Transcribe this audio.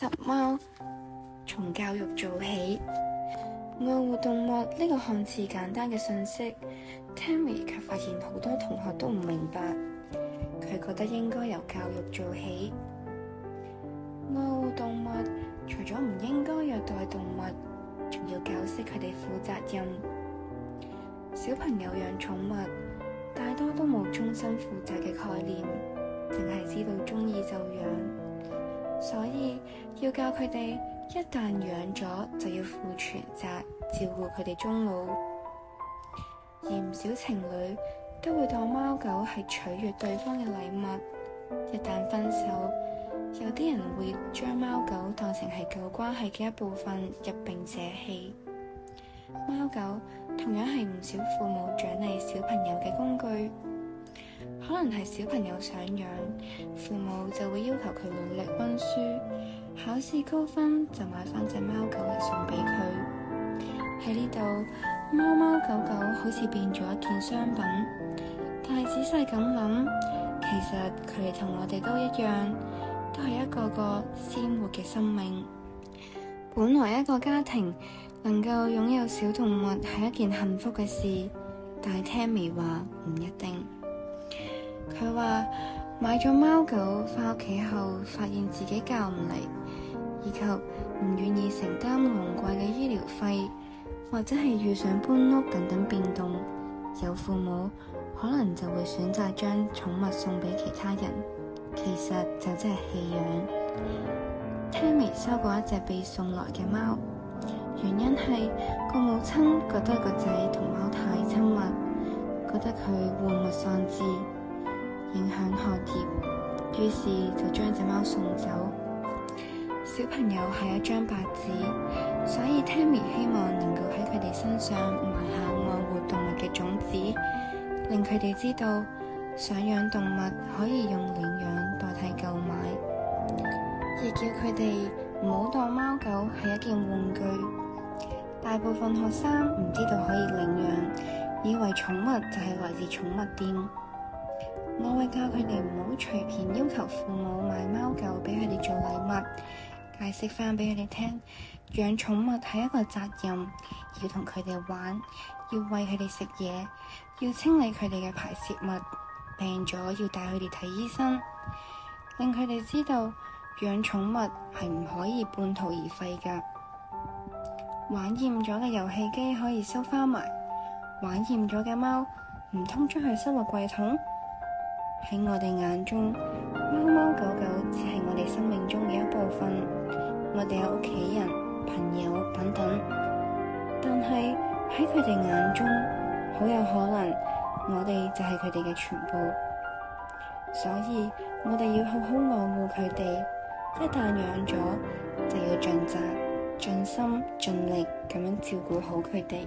拾貓從教育做起，愛護動物呢個看似簡單嘅信息，Tammy 卻發現好多同學都唔明白。佢覺得應該由教育做起，愛護動物除咗唔應該虐待動物，仲要教識佢哋負責任。小朋友養寵物大多都冇終身負責嘅概念，淨係知道鍾意就養。所以要教佢哋，一旦養咗就要負全責，照顧佢哋終老。而唔少情侶都會當貓狗係取悅對方嘅禮物。一旦分手，有啲人會將貓狗當成係舊關係嘅一部分入並捨棄。貓狗同樣係唔少父母獎勵小朋友嘅工具。可能係小朋友想養，父母就會要求佢努力溫書，考試高分就買翻隻貓狗嚟送俾佢。喺呢度，貓貓狗狗好似變咗一件商品，但係仔細咁諗，其實佢哋同我哋都一樣，都係一個個鮮活嘅生命。本來一個家庭能夠擁有小動物係一件幸福嘅事，但係 Tammy 話唔一定。佢話買咗貓狗，翻屋企後發現自己教唔嚟，以及唔願意承擔昂貴嘅醫療費，或者係遇上搬屋等等變動，有父母可能就會選擇將寵物送俾其他人，其實就真係棄養。聽微收過一隻被送來嘅貓，原因係個母親覺得個仔同貓太親密，覺得佢玩物喪志。影響學業，於是就將隻貓送走。小朋友係一張白紙，所以 Tammy 希望能夠喺佢哋身上埋下愛護動物嘅種子，令佢哋知道想養動物可以用領養代替購買，亦叫佢哋唔好當貓狗係一件玩具。大部分學生唔知道可以領養，以為寵物就係來自寵物店。教佢哋唔好隨便要求父母買貓狗俾佢哋做禮物，解釋翻俾佢哋聽，養寵物係一個責任，要同佢哋玩，要喂佢哋食嘢，要清理佢哋嘅排泄物，病咗要帶佢哋睇醫生，令佢哋知道養寵物係唔可以半途而廢噶。玩厭咗嘅遊戲機可以收翻埋，玩厭咗嘅貓唔通將佢收落櫃桶？喺我哋眼中，貓貓狗狗只係我哋生命中嘅一部分，我哋有屋企人、朋友等等。但係喺佢哋眼中，好有可能我哋就係佢哋嘅全部。所以我哋要好好愛護佢哋，一旦養咗，就要盡責、盡心、盡力咁樣照顧好佢哋。